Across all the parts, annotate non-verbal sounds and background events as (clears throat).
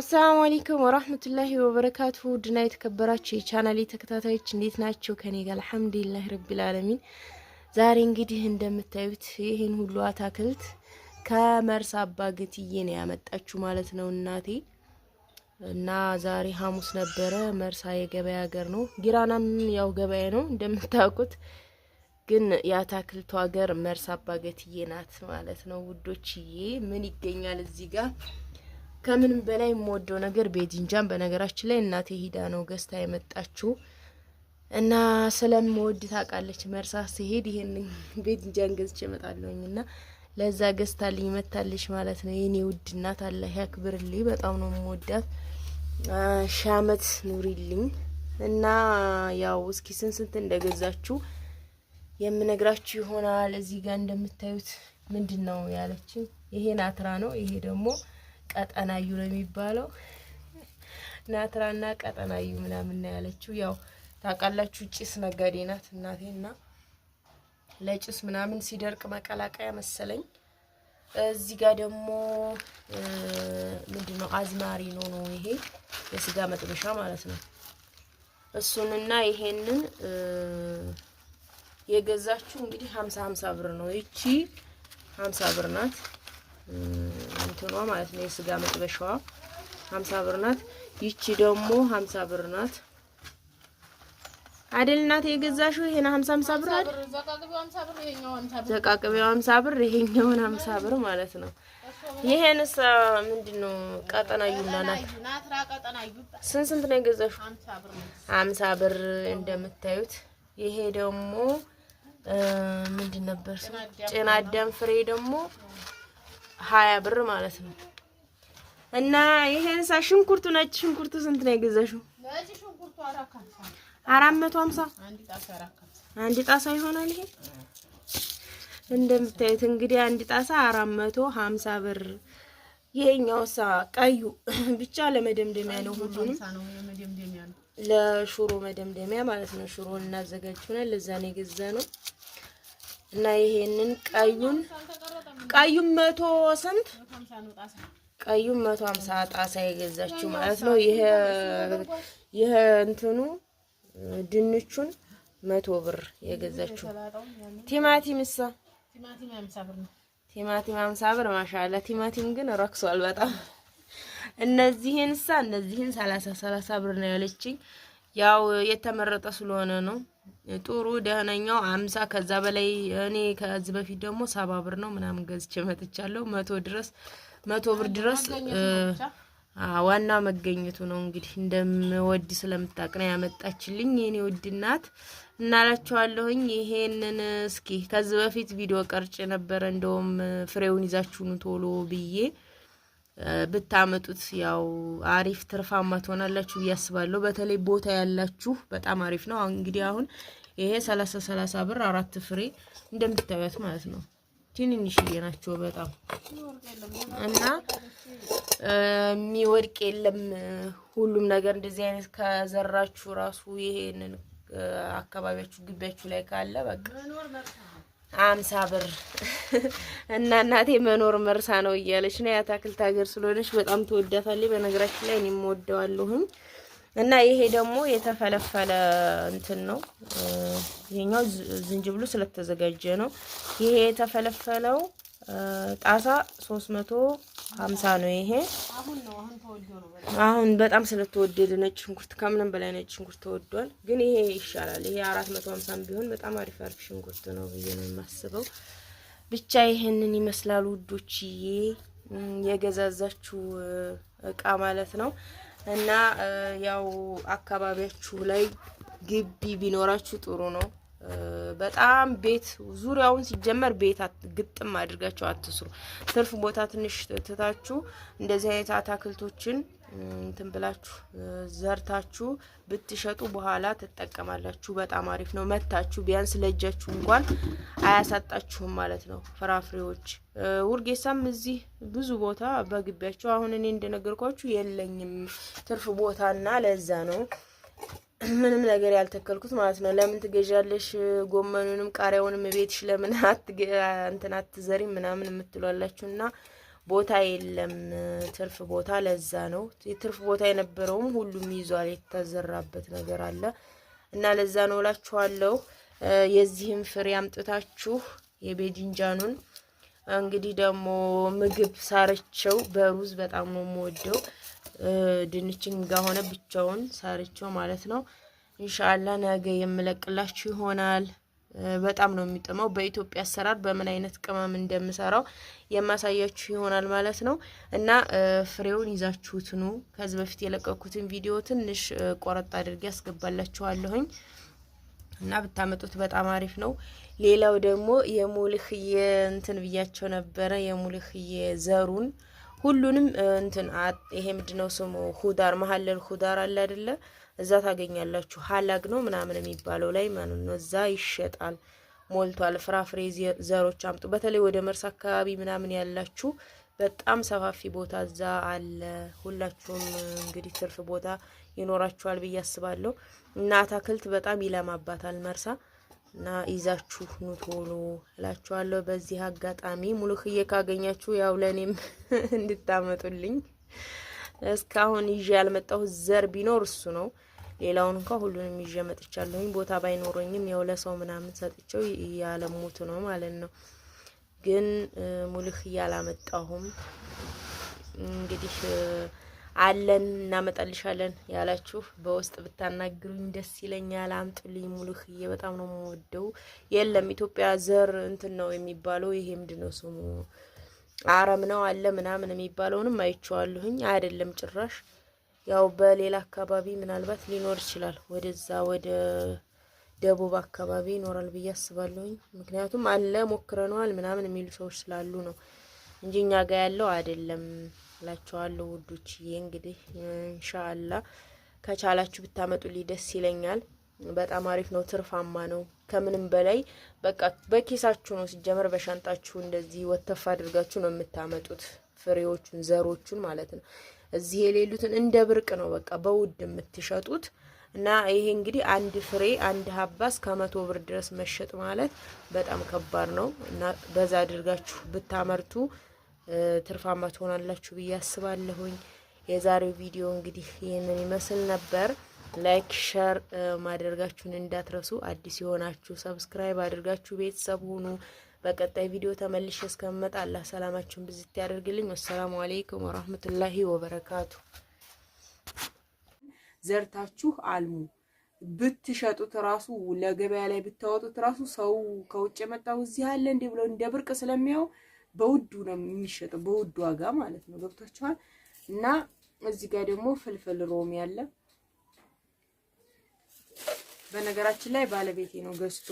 አሰላሙ አለይኩም ወራህመቱላሂ ወበረካቱሁ ድና የተከበራችሁ የቻናሌ ተከታታዮች እንዴት ናቸው? ከኔ ጋር አልሐምዱሊላህ ረቢል አለሚን። ዛሬ እንግዲህ እንደምታዩት ይህን ሁሉ አታክልት ከመርሳ አባ ነው ያመጣችሁ ማለት ነው እናቴ። እና ዛሬ ሐሙስ ነበረ። መርሳ የገበያ ሀገር ነው። ጊራናም ያው ገበያ ነው እንደምታውቁት፣ ግን የአታክልቱ ሀገር መርሳ አባገትዬ ናት ማለት ነው ውዶችዬ። ምን ይገኛል እዚህ ጋር ከምንም በላይ የምወደው ነገር ቤድንጃን በነገራችን ላይ እናቴ ሂዳ ነው ገዝታ የመጣችው እና ስለምወድ ታውቃለች። መርሳ ሲሄድ ይሄን (laughs) ቤድንጃን ገዝቼ እመጣለሁኝ እና ለዛ ገዝታ ልኝ መታለች ማለት ነው። የኔ ውድ እናት አላህ ያክብርልኝ። በጣም ነው የምወዳት። ሺ ዓመት ኑሪልኝ እና ያው እስኪ ስንት ስንት እንደገዛችሁ የምነግራችሁ ይሆናል። እዚህ ጋር እንደምታዩት ምንድን ነው ያለችኝ? ይሄን አትራ ነው ይሄ ደግሞ ቀጠናዩ ነው የሚባለው። ናትራና ቀጠናዩ ምናምን ነው ያለችው። ያው ታውቃላችሁ ጭስ ነጋዴ ናት እናቴና ለጭስ ምናምን ሲደርቅ መቀላቀያ መሰለኝ። እዚህ ጋር ደግሞ ምንድነው አዝማሪ ነው ነው ይሄ የስጋ መጥበሻ ማለት ነው። እሱንና ይሄንን የገዛችሁ እንግዲህ ሀምሳ ሀምሳ ብር ነው። ይቺ ሀምሳ ብር ናት። እንትኗ ማለት ነው የስጋ መጥበሻዋ ሀምሳ ብር ናት። ይቺ ደግሞ ሀምሳ ብር ናት አይደል እናት የገዛሽው ይሄን ሀምሳ ሀምሳ ብር አይደል? ዘቃቅቤው ሀምሳ ብር ይሄኛውን ሀምሳ ብር ማለት ነው። ይሄንስ ምንድን ነው? ቀጠናዩና ናት ስንት ስንት ነው የገዛሽው? ሀምሳ ብር እንደምታዩት። ይሄ ደግሞ ምንድን ነበር ጭና አዳም ፍሬ ደግሞ ሀያ ብር ማለት ነው። እና ይሄን ሳ ሽንኩርቱ ነጭ ሽንኩርቱ ስንት ነው የገዛሽው? አራት መቶ ሀምሳ አንድ ጣሳ ይሆናል። ይሄ እንደምታዩት እንግዲህ አንድ ጣሳ አራት መቶ ሀምሳ ብር። ይሄኛው ሳ ቀዩ (clears throat) ብቻ ለመደምደሚያ ነው፣ ሁሉንም ለሹሮ መደምደሚያ ማለት ነው። ሹሮን እናዘጋጅ ሆነ ለዛ ነው የገዛ ነው እና ይሄንን ቀዩን ቀዩን መቶ ስንት ቀዩን መቶ ሀምሳ ጣሳ የገዛችው ማለት ነው። ይሄ ይሄ እንትኑ ድንቹን መቶ ብር የገዛችው። ቲማቲምሳ ቲማቲም ሀምሳ ብር ማሻአላ። ቲማቲም ግን ረክሷል በጣም። እነዚህን እነዚህንሳ እነዚህን ሰላሳ ሰላሳ ብር ነው ያለችኝ። ያው የተመረጠ ስለሆነ ነው። ጥሩ ደህነኛው አምሳ ከዛ በላይ እኔ ከዚህ በፊት ደግሞ ሰባ ብር ነው ምናምን ገዝቼ መጥቻለሁ። መቶ ድረስ መቶ ብር ድረስ ዋና መገኘቱ ነው እንግዲህ እንደምወድ ስለምታውቅ ነው ያመጣችልኝ የኔ ውድ እናት እናላችኋለሁኝ። ይሄንን እስኪ ከዚህ በፊት ቪዲዮ ቀርጬ ነበረ እንደውም ፍሬውን ይዛችሁኑ ቶሎ ብዬ ብታመጡት ያው አሪፍ ትርፋማ ትሆናላችሁ ብዬ አስባለሁ። በተለይ ቦታ ያላችሁ በጣም አሪፍ ነው። እንግዲህ አሁን ይሄ ሰላሳ ሰላሳ ብር አራት ፍሬ እንደምታዩት ማለት ነው። ትንንሽዬ ናቸው በጣም እና የሚወድቅ የለም ሁሉም ነገር እንደዚህ አይነት ከዘራችሁ ራሱ ይሄንን አካባቢያችሁ ግቢያችሁ ላይ ካለ በቃ አምሳ ብር (laughs) እና እናቴ መኖር መርሳ ነው እያለች ነው። የአታክልት ሀገር ስለሆነች በጣም ትወዳታለች። በነገራችን ላይ እኔም ወደዋለሁኝ። እና ይሄ ደግሞ የተፈለፈለ እንትን ነው። ይሄኛው ዝንጅብሉ ስለተዘጋጀ ነው። ይሄ የተፈለፈለው ጣሳ 350 ነው። ይሄ አሁን በጣም ስለተወደደ ነጭ ሽንኩርት ከምንም በላይ ነጭ ሽንኩርት ተወዷል፣ ግን ይሄ ይሻላል። ይሄ 450 ቢሆን በጣም አሪፍ አሪፍ ሽንኩርት ነው ብዬ ነው የማስበው። ብቻ ይሄንን ይመስላል ውዶችዬ፣ የገዛዛችሁ እቃ ማለት ነው እና ያው አካባቢያችሁ ላይ ግቢ ቢኖራችሁ ጥሩ ነው። በጣም ቤት ዙሪያውን ሲጀመር ቤት ግጥም አድርጋቸው አትስሩ። ትርፍ ቦታ ትንሽ ትታችሁ እንደዚህ አይነት አታክልቶችን እንትን ብላችሁ ዘርታችሁ ብትሸጡ በኋላ ትጠቀማላችሁ። በጣም አሪፍ ነው። መታችሁ ቢያንስ ለእጃችሁ እንኳን አያሳጣችሁም ማለት ነው። ፍራፍሬዎች ውርጌሳም እዚህ ብዙ ቦታ በግቢያችሁ አሁን እኔ እንደነገርኳችሁ የለኝም ትርፍ ቦታና ለዛ ነው ምንም ነገር ያልተከልኩት ማለት ነው። ለምን ትገዣለሽ? ጎመኑንም ቃሪያውንም ቤትሽ ለምን እንትን አትዘሪ ምናምን የምትሏላችሁ እና ቦታ የለም ትርፍ ቦታ። ለዛ ነው የትርፍ ቦታ የነበረውም ሁሉም ይዟል፣ የተዘራበት ነገር አለ እና ለዛ ነው እላችኋለሁ። የዚህም ፍሬ አምጥታችሁ የቤጅንጃኑን እንግዲህ ደግሞ ምግብ ሳረቸው በሩዝ በጣም ነው የምወደው ድንችን ጋር ሆነ ብቻውን ሰርቸው ማለት ነው። ኢንሻአላ ነገ የምለቅላችሁ ይሆናል። በጣም ነው የሚጥመው። በኢትዮጵያ አሰራር በምን አይነት ቅመም እንደምሰራው የማሳያችሁ ይሆናል ማለት ነው። እና ፍሬውን ይዛችሁት ከዚህ በፊት የለቀኩትን ቪዲዮ ትንሽ ቆረጥ አድርጌ አስገባላችኋለሁኝ እና ብታመጡት በጣም አሪፍ ነው። ሌላው ደግሞ የሙልህዬ እንትን ብያቸው ነበረ የሙልህዬ ዘሩን ሁሉንም እንትን ይሄ ነው ስሙ ሁዳር መሀለል ሁዳር አለ አይደለ? እዛ ታገኛላችሁ። ሀላግ ነው ምናምን የሚባለው ላይ ማለት ነው። እዛ ይሸጣል፣ ሞልቷል። ፍራፍሬ ዘሮች አምጡ። በተለይ ወደ መርስ አካባቢ ምናምን ያላችሁ በጣም ሰፋፊ ቦታ እዛ አለ። ሁላችሁም እንግዲህ ትርፍ ቦታ ይኖራችኋል ብዬ አስባለሁ እና አታክልት በጣም ይለማባታል መርሳ እና ይዛችሁ ኑ ቶሎ እላችኋለሁ። በዚህ አጋጣሚ ሙሉክዬ ካገኛችሁ ያው ለእኔም (laughs) እንድታመጡልኝ። እስካሁን ይዤ ያልመጣሁ ዘር ቢኖር እሱ ነው። ሌላውን እንኳ ሁሉንም ይዤ መጥቻለሁኝ። ቦታ ባይኖረኝም ያው ለሰው ምናምን ሰጥቼው ያለሙት ነው ማለት ነው። ግን ሙሉክዬ አላመጣሁም እንግዲህ አለን እናመጣልሻለን ያላችሁ በውስጥ ብታናግሩኝ ደስ ይለኛል። አምጡልኝ ሙሉ በጣም ነው የምወደው። የለም ኢትዮጵያ ዘር እንትን ነው የሚባለው ይሄ ምንድን ነው ስሙ አረም ነው አለ ምናምን የሚባለውንም አይቼዋለሁኝ። አይደለም ጭራሽ ያው በሌላ አካባቢ ምናልባት ሊኖር ይችላል። ወደዛ ወደ ደቡብ አካባቢ ይኖራል ብዬ አስባለሁኝ። ምክንያቱም አለ ሞክረነዋል ምናምን የሚሉ ሰዎች ስላሉ ነው እንጂ እኛ ጋ ያለው አይደለም። ውዶች። ይሄ እንግዲህ እንሻአላ ከቻላችሁ ብታመጡልኝ ደስ ይለኛል። በጣም አሪፍ ነው፣ ትርፋማ ነው። ከምንም በላይ በቃ በኪሳችሁ ነው ሲጀመር፣ በሻንጣችሁ እንደዚህ ወተፍ አድርጋችሁ ነው የምታመጡት ፍሬዎቹን፣ ዘሮቹን ማለት ነው። እዚህ የሌሉትን እንደ ብርቅ ነው በቃ በውድ የምትሸጡት እና ይሄ እንግዲህ አንድ ፍሬ አንድ ሀባ እስከ መቶ ብር ድረስ መሸጥ ማለት በጣም ከባድ ነው እና በዛ አድርጋችሁ ብታመርቱ ትርፋማ ትሆናላችሁ ብዬ አስባለሁኝ። የዛሬው ቪዲዮ እንግዲህ ይህንን ይመስል ነበር። ላይክ ሸር ማድረጋችሁን እንዳትረሱ። አዲስ የሆናችሁ ሰብስክራይብ አድርጋችሁ ቤተሰብ ሁኑ። በቀጣይ ቪዲዮ ተመልሼ እስከምመጣ አላህ ሰላማችሁን ብዝት ያደርግልኝ። ወሰላሙ አሌይኩም ወራህመቱላሂ ወበረካቱ። ዘርታችሁ አልሙ ብትሸጡት ራሱ ለገበያ ላይ ብታወጡት ራሱ ሰው ከውጭ የመጣው እዚህ አለ እንዲህ ብለው እንደ ብርቅ ስለሚያው በውዱ ነው የሚሸጠው፣ በውዱ ዋጋ ማለት ነው። ገብቷችኋል? እና እዚህ ጋር ደግሞ ፍልፍል ሮሚ አለ። በነገራችን ላይ ባለቤቴ ነው ገዝቶ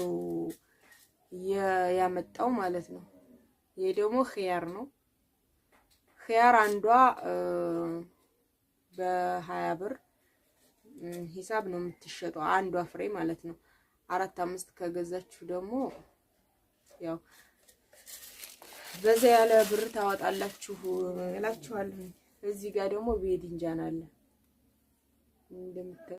ያመጣው ማለት ነው። ይሄ ደግሞ ኺያር ነው። ኺያር አንዷ በሀያ ብር ሂሳብ ነው የምትሸጠው አንዷ ፍሬ ማለት ነው። አራት አምስት ከገዛችሁ ደግሞ ያው በዛ ያለ ብር ታወጣላችሁ እላችኋለሁ። እዚህ ጋር ደግሞ ቤድንጃን አለ እንደምታ